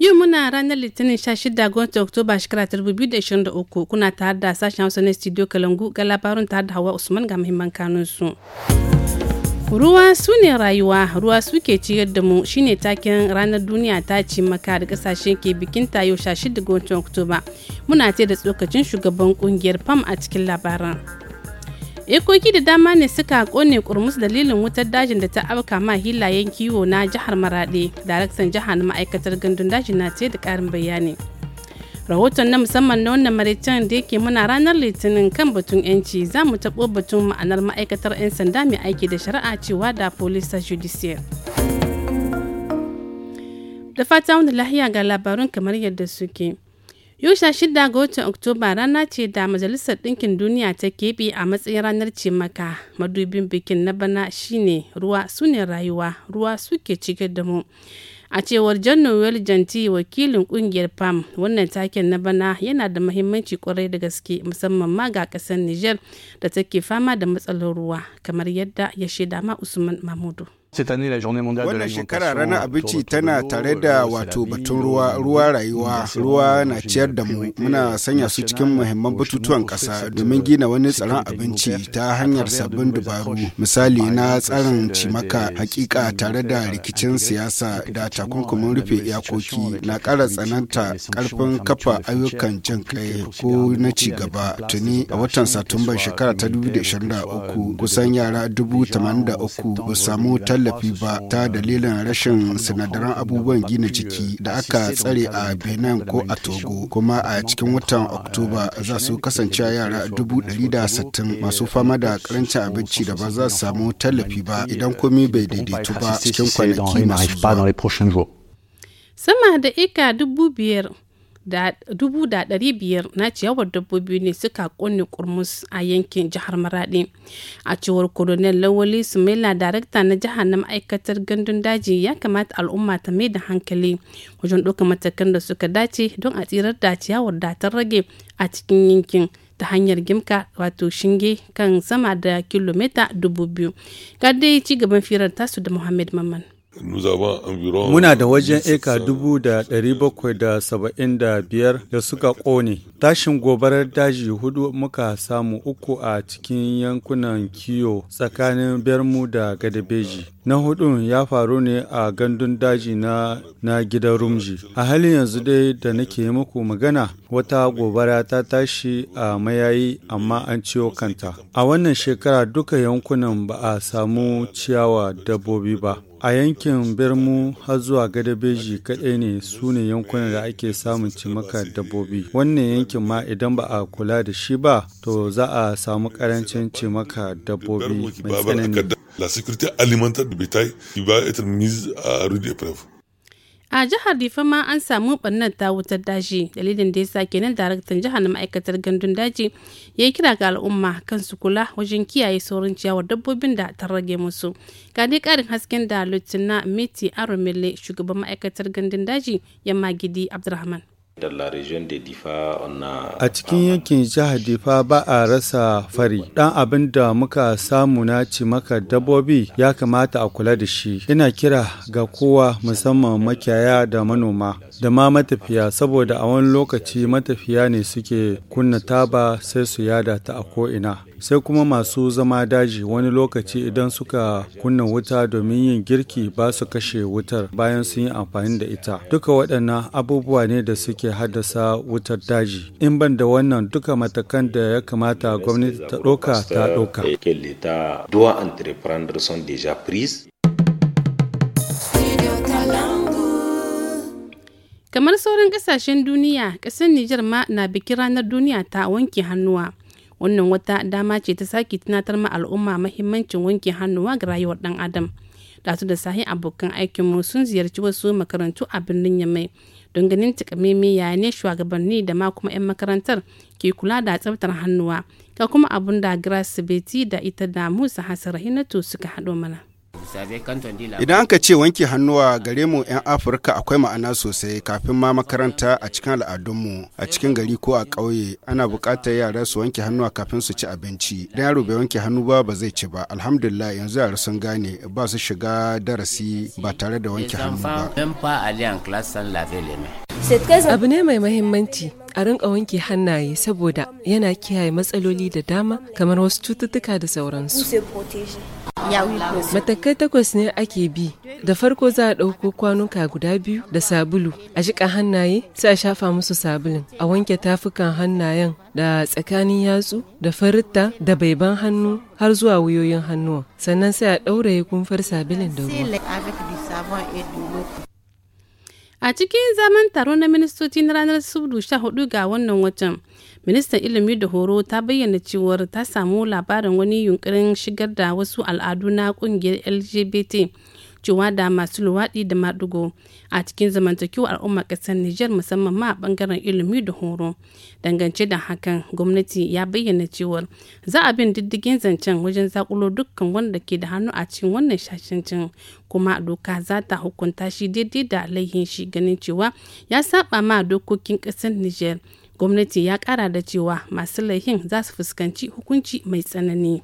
Yau muna ranar Litinin 16 ga watan Oktoba 2023 kuna tare da sashen Hausa na Studio Kalangu ga labarin tare da Hawa Usman ga muhimman kanunsu. Ruwa su ne rayuwa, ruwa suke ciyar da mu shine taken ranar duniya ta ci maka da kasashe ke bikin tayo 16 ga watan Oktoba. Muna ce da tsokacin shugaban kungiyar fam a cikin labaran. ekoki da dama ne suka kone kurmus dalilin wutar dajin da ta auka ma hilayen kiwo na jihar marade daraktan jihar na ma'aikatar gandun daji na ce da karin bayani rahoton na musamman na wannan maraicen da yake muna ranar litinin kan batun yanci za mu taɓo batun ma'anar ma'aikatar 'yan sanda mai aiki da shari'a cewa da polisa judiciaire da fata wani lahiya ga labarun kamar yadda suke Yusha shida ga watan Oktoba rana ce da Majalisar Ɗinkin Duniya ta keɓe a matsayin ranar cimaka. Madubin bikin na bana shine ruwa su ne rayuwa, ruwa suke cike da mu. A cewar John Noel Janti wakilin kungiyar PAM wannan taken na bana yana da mahimmanci kwarai da gaske musamman ma ga ƙasar Nijar da take fama da matsalar ruwa kamar yadda ya shaida ma Usman Mahmudu. Wannan shekara ranar abinci tana tare da wato batun ruwa, ruwa rayuwa, ruwa na ciyar da mu. Muna sanya su cikin muhimman batutuwan kasa. domin gina wani tsaron abinci ta hanyar sabbin dubaru. Misali na tsarin cimaka hakika tare da rikicin siyasa da takunkumin rufe iyakoki na kara tsananta karfin kafa ayyukan jin kai ko na ci gaba tuni a watan satumba shekara ta 2023 kusan yara 83 ba samu tallafi tallafi ba ta dalilin rashin sinadaran abubuwan gina jiki da aka tsare a benin ko a togo kuma a cikin watan oktoba za su kasance yara 160 masu fama da karancin abinci da ba za su samu tallafi ba idan komi bai daidaitu ba cikin kwanaki masu sama da eka dubu biyar biyar na ciyawar dabbobi ne suka kone kurmus a yankin jihar maradi a cewar colonel lawali sumaila darakta na jihar na ma'aikatar gandun daji ya kamata al'umma ta mai da hankali wajen ɗauka matakan da suka dace don a tsirar da ciyawar da ta rage a cikin yankin ta hanyar gimka wato shinge kan sama da kilomita dubu biyu ci gaban firar tasu da muhammad mamman Muna da wajen eka dubu da ɗari bakwai da saba'in da biyar da suka ƙone. Tashin gobarar daji hudu muka samu uku a cikin yankunan kiyo tsakanin Bermu da Gadabeji. na hudun ya faru ne a gandun daji na, na gidan rumji a halin yanzu dai da nake muku magana wata gobara ta tashi a mayayi amma an ciwo kanta a wannan shekara duka yankunan ba a samu ciyawa dabbobi ba a yankin birmu har zuwa gadabeji kaɗai ne su ne yankunan da ake samun cimaka dabbobi wannan yankin ma idan ba a kula da shi ba to za a samu ƙarancin cimaka dabbobi mai tsanani La sécurité alimentaire du bétail qui va être mise à rude épreuve. a jihar difa ma an samu barnar ta wutar daji dalilin da yasa kenan daraktan jihar na ma'aikatar gandun daji ya yi kira ga al'umma kan su kula wajen kiyaye saurin ciyawar dabbobin da ta rage musu ga dai karin hasken da lutina meti aromele shugaban ma'aikatar gandun daji yamma gidi abdurrahman A cikin yankin jihar Difa ba a rasa fari. Ɗan abin da muka samu na cimaka dabbobi ya kamata a kula da shi. Ina kira ga kowa musamman makiyaya da manoma. da ma matafiya saboda a wani lokaci matafiya ne suke kunna taba sai su yada ta a ko'ina sai kuma masu zama daji wani lokaci idan suka kunna wuta domin yin girki ba su kashe wutar bayan sun yi amfani da ita duka waɗannan abubuwa ne da suke haddasa wutar daji in ban da wannan duka matakan da ya kamata gwamnati ta ɗauka ta ɗauka Kamar sauran kasashen duniya, kasar Nijar ma na bikin ranar duniya ta wanke hannuwa. Wannan wata dama ce ta sake tunatar ma al'umma mahimmancin wanke hannuwa ga rayuwar dan adam. dasu da sahi abokan aikinmu sun ziyarci wasu makarantu a birnin Yamai. don ganin takamaimai yaya ne shugabanni da ma kuma 'yan makarantar ke kula da tsabtar hannuwa ga kuma abun da grass beti da ita da musa na rahinatu suka haɗo mana. Idan aka ce wanke hannuwa gare mu 'yan Afirka akwai ma'ana sosai kafin ma makaranta a cikin al'adunmu a cikin gari ko a ƙauye ana buƙatar yara su wanke hannuwa kafin su ci abinci. idan yaro bai wanke hannu ba ba zai ci ba. Alhamdulillah yanzu yara sun gane ba su shiga darasi ba tare da wanke hannu ba. Abu ne mai mahimmanci a rinka wanke hannaye saboda yana kiyaye matsaloli da dama kamar wasu cututtuka da sauransu. Matakai takwas ne ake bi. Da farko za a ɗauko kwanuka guda biyu da sabulu, a jiƙa hannaye sai a shafa musu sabulun, a wanke tafukan hannayen da tsakanin yatsu da faritta da baiban hannu har zuwa wuyoyin hannuwa. Sannan sai a ɗauraye kumfar sabulun da ruwa. A cikin zaman taro na ministoci na ranar 14 ga wannan watan, ministan ilimi da horo ta bayyana cewar ta samu labarin wani yunkurin shigar da wasu al'adu na kungiyar lgbt cewa da masu luwaɗi da maɗigo a cikin zamantakewar al'ummar ƙasar Nijar musamman ma a ɓangaren ilimi da horo dangance da hakan gwamnati ya bayyana cewar za a bin diddigin zancen wajen zakulo dukkan wanda ke da hannu a cikin wannan shashancin kuma doka za ta hukunta shi daidai da laihin shi ganin cewa ya saba ma dokokin ƙasar Nijar. gwamnati ya kara da cewa masu laihin za su fuskanci hukunci mai tsanani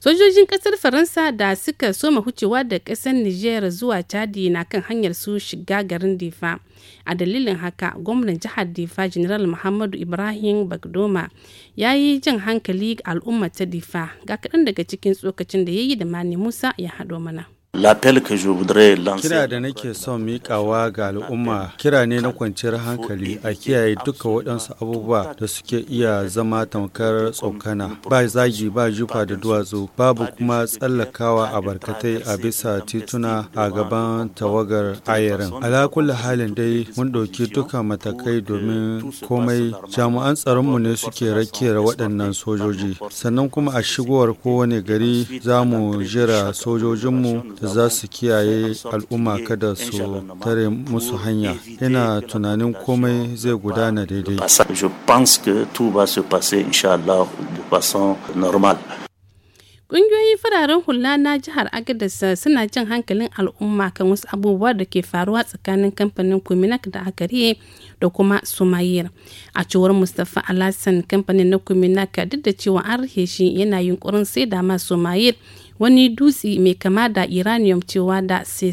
sojojin kasar faransa da suka soma hucewa da kasar niger zuwa chadi na kan hanyar su shiga garin difa a dalilin haka gwamnan jihar difa general muhammadu ibrahim bagdoma ya yi jan hankali al'ummar ta difa ga kaɗan daga cikin tsokacin da ya yi da mani musa ya haɗo mana L'appel je voudrais lancer. Kira da nake son miƙawa ga al'umma kira ne na kwanciyar hankali a kiyaye duka waɗansu abubuwa da suke iya zama tamkar tsokana. Ba zagi ba jufa da duwatsu babu kuma tsallakawa a barkatai a bisa tituna a gaban tawagar ayarin. alakula halin dai mun ɗauki duka matakai domin komai jami'an tsaronmu ne suke rakiyar waɗannan sojoji. Sannan kuma a shigowar kowane gari za mu jira sojojinmu da za su kiyaye al'umma kada su tare musu hanya ina tunanin komai zai gudana daidai Ƙungiyoyin fararen hula na jihar Agadez suna jin hankalin al'umma kan wasu abubuwa da ke faruwa tsakanin kamfanin Kuminak da Akariye da kuma Sumayir. A cewar Mustapha Alassan kamfanin na Kuminak duk da cewa an rahe shi yana yunkurin sai da ma Sumayir wani dutse mai kama da uranium cewa da c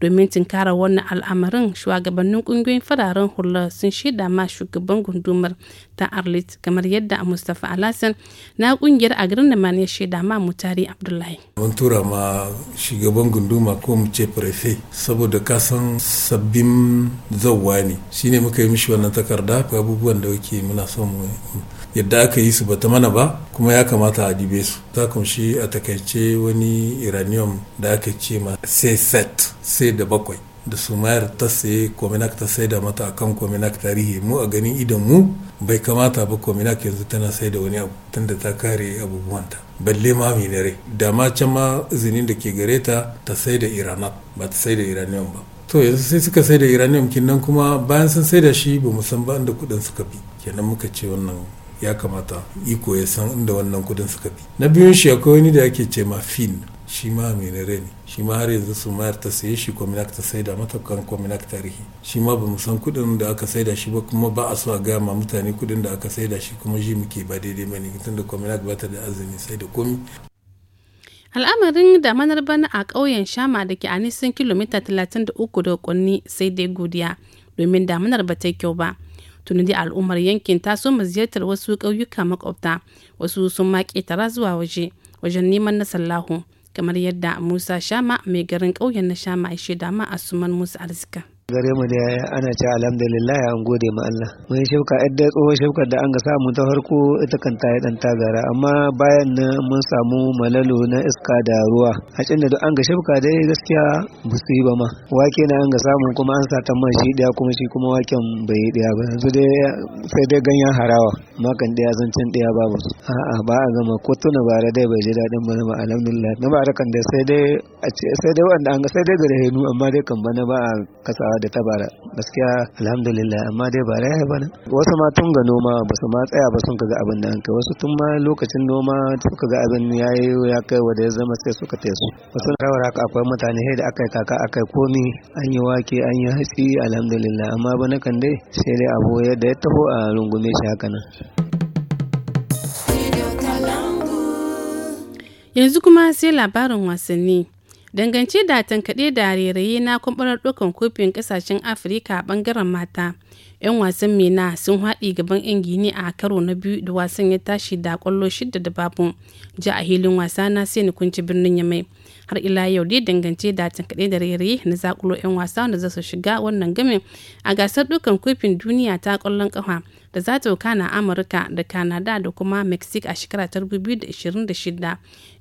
domin tinkara wannan al'amarin shugabannin kungiyoyin fararen hula sun shaida ma shugaban gundumar ta arlit kamar yadda a mustapha alasan na kungiyar a garin ya shaida ma mutari abdullahi mun tura ma shugaban gunduma ko mu ce prefe saboda kasan sabbin zawwa ne shine muka yi mishi wannan takarda ko abubuwan da yake muna son yadda aka yi su ba ta mana ba kuma ya kamata a dibe su ta kunshi a takaice wani iranium da aka ce ma sai set sai 2007 da sumayar ta saye kominak ta sai da mata akan kominak tarihi mu a ganin idan mu bai kamata ba kominak yanzu tana sai da wani abu tunda ta kare abubuwanta balle ma minare da ma can ma izinin da ke gare ta ta sai da iranat ba ta sai da iranium ba to yanzu sai suka sai da iranium kinnan kuma bayan sun sai da shi ba mu san ba inda kudin suka bi kenan muka ce wannan ya kamata iko ya san inda wannan kudin suka bi na biyun shi akwai wani da ake ce ma fin shi ma menere ne shi ma har yanzu su mayar ta saye shi kwaminak ta saida matakan kan kwaminak tarihi shi ma bamu san kudin da aka saida shi ba kuma ba a so a gaya ma mutane kudin da aka saida shi kuma shi muke ba daidai ba ne tunda kwaminak ba ta da azumi sai da komi al'amarin da manar bana a ƙauyen shama da ke a nisan kilomita talatin da kunni sai dai godiya domin damanar ba ta kyau ba tunadi da al'ummar yankin ta so ziyartar wasu ƙauyuka makwabta wasu sun ma ƙetara zuwa waje wajen neman na sallahu kamar yadda musa shama mai garin ƙauyen na shama ya shaida ma asuman musa arzika gare mu da ana ce alhamdulillah an gode ma Allah mun shauka yadda tsohon shaukar da an ga samu ta farko ita kan ta yi dan tagara amma bayan nan mun samu malalo na iska da ruwa a cin da an ga shauka dai gaskiya ba su yi ba ma wake na an ga samu kuma an sa ta man shi daya kuma shi kuma waken bai yi daya ba yanzu dai sai dai ganyen harawa makan daya zancen daya ba a'a ba a gama ko tuna bara dai bai ji daɗin ba ma alhamdulillah na ba kan dai sai dai sai dai wanda an ga sai dai gare hinu amma dai kan bana ba a kasawa da ta bara gaskiya alhamdulillah amma dai bara ya bana wasu ma tun ga noma ba su ma tsaya ba sun kaga abin da an wasu tun ma lokacin noma suka ga abin ya yi ya kai wa da ya zama sai suka taya su na rawar haka akwai mutane da aka yi kaka aka yi komi an yi wake an yi hatsi alhamdulillah amma ba kan dai sai dai abu yadda ya taho a rungume shi haka nan. Yanzu kuma sai labarin wasanni. dangance da tankaɗe da rairaye na kwamɓarar ɗaukan kofin ƙasashen afirka a ɓangaren mata 'yan wasan mena sun haɗi gaban 'yan gini a karo na biyu da wasan ya tashi da kwallo shida da babu ja a hilin wasa na sai ni kunci birnin mai har ila yau dai dangance da tankaɗe da rere na zakulo 'yan wasa da za su shiga wannan gamin a gasar dukan kofin duniya ta kwallon kafa da za ta kana amurka da kanada da kuma mexico a shekara ta 2026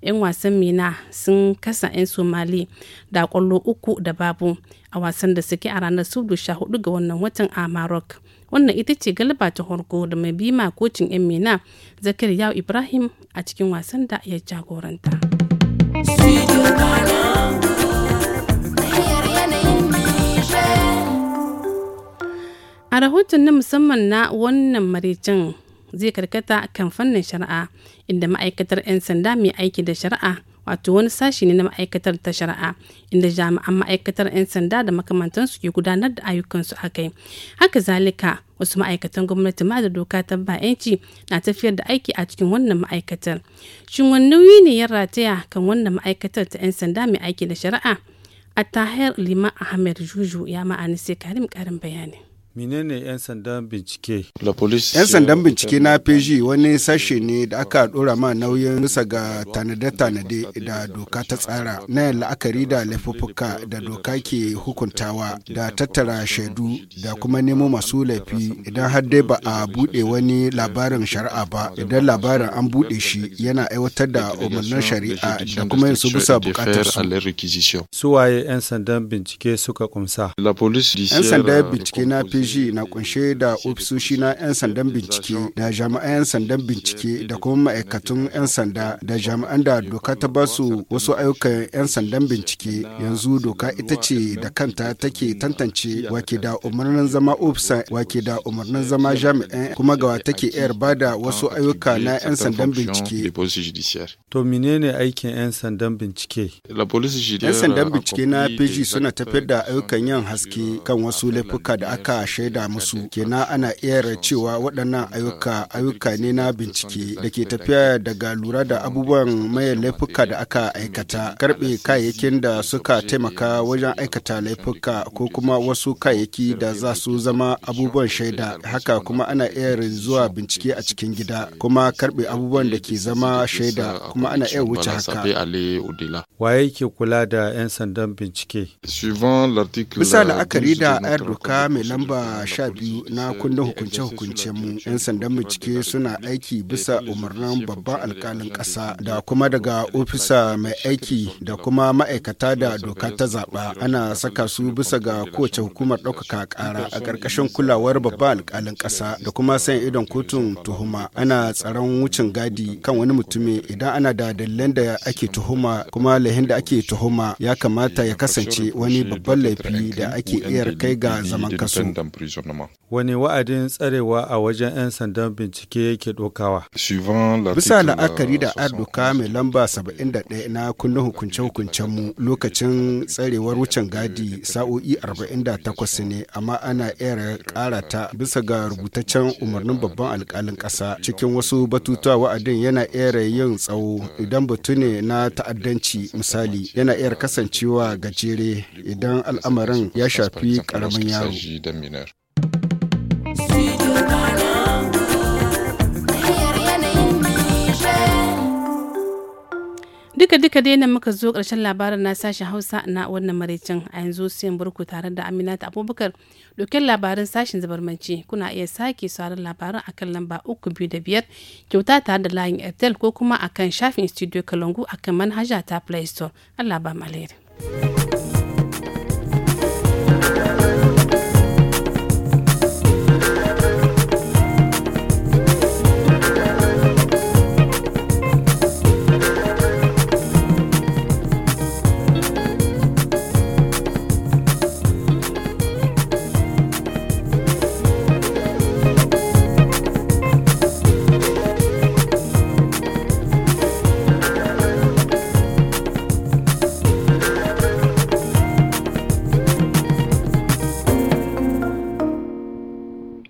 'yan wasan mena sun kasa 'yan somali da kwallo uku da babu a wasan da suke a ranar sha hudu ga wannan watan a maroc wannan ita ce Galiba ta horko da mai bima kocin yan mena zakir yau ibrahim a cikin wasan da ya jagoranta a rahoton na musamman na wannan maricin zai karkata kan fannin shari'a inda ma'aikatar 'yan sanda mai aiki da shari'a wato wani sashi ne na ma'aikatar ta shari'a inda jami'an ma'aikatar 'yan sanda da makamantansu ke gudanar da ayyukansu a kai haka zalika wasu ma'aikatan gwamnati ma da doka ta ba 'yanci na tafiyar da aiki a cikin wannan ma'aikatar shin wani nauyi ne ya rataya kan wannan ma'aikatar ta 'yan sanda mai aiki da shari'a a tahir Liman ahmed juju ya ma'ani sai karim karin bayani menene 'yan sandan bincike? 'yan sandan bincike na PG wani sashe ne da aka dora ma nauyin bisa ga tanade-tanade da doka ta tsara na yin la'akari da laifuffuka da doka ke hukuntawa da tattara shaidu da kuma nemo masu laifi idan har dai ba a buɗe wani labarin shari'a ba idan labarin an buɗe shi yana aiwatar da umarnin shari'a da kuma yin su bisa bukatar su. Suwaye 'yan sandan bincike suka kumsa. 'yan sandan bincike na PG DG na kunshe da ofisoshi na 'yan sandan bincike da jami'an 'yan sandan bincike da kuma ma'aikatun 'yan sanda da jami'an da doka ta ba su wasu ayyukan 'yan sandan bincike yanzu doka ita ce da kanta take tantance wake da umarnin zama ofisa wake da umarnin zama jami'an kuma gawa take iyar ba da wasu ayyuka na 'yan sandan bincike. To menene aikin 'yan sandan bincike? 'Yan sandan bincike na PG suna tafiyar da ayyukan yin haske kan wasu laifuka da aka shaida musu kenan ana iya cewa waɗannan ayyuka ayyuka ne na bincike da ke tafiya daga lura da abubuwan maye laifuka da aka aikata karɓe kayayyakin da suka taimaka wajen aikata laifuka ko kuma wasu kayayyaki da za su zama abubuwan shaida haka kuma ana iya zuwa bincike a cikin gida kuma karɓe abubuwan da ke zama shaida kuma ana iya wuce haka waye ke kula da 'yan sandan bincike bisa la'akari da 'yar doka mai lamba a sha biyu na kundin hukunce-hukuncen mu yan sandan bincike suna aiki bisa umarnin babban alkalin ƙasa da kuma daga ofisa mai aiki da kuma ma'aikata da doka ta zaɓa ana saka su bisa ga kowace hukumar ɗaukaka ƙara a ƙarƙashin kulawar babban alkalin ƙasa da kuma san idon kotun tuhuma ana tsaron wucin gadi kan wani mutumi idan ana da dalilan da ake tuhuma kuma lahin da ake tuhuma ya kamata ya kasance wani babban laifi da ake iya kai ga zaman kasu. Wani wa'adin tsarewa a wajen 'yan sandan bincike yake dokawa? Bisa la'akari da arduka mai lamba 71 na kundin hukunce-hukuncen mu lokacin tsarewar wucin gadi sa'o'i 48 ne amma ana iya ƙara ta bisa ga rubutaccen umarnin babban alƙalin ƙasa cikin wasu batutuwa wa'adin yana iya yin tsawo idan batu ne na ta'addanci misali yana iya kasancewa gajere idan al'amarin ya shafi ƙaramin yaro. duka duka dai nan muka zo ƙarshen labarin na sashen hausa na wannan maraicin a yanzu sai burku tare da aminata abubakar dokin labarin sashen zabarmanci kuna iya sake sauran labarin akan lamba uku biyu da biyar kyauta tare da layin airtel ko kuma akan shafin studio kalangu akan manhaja ta play store allah ba alheri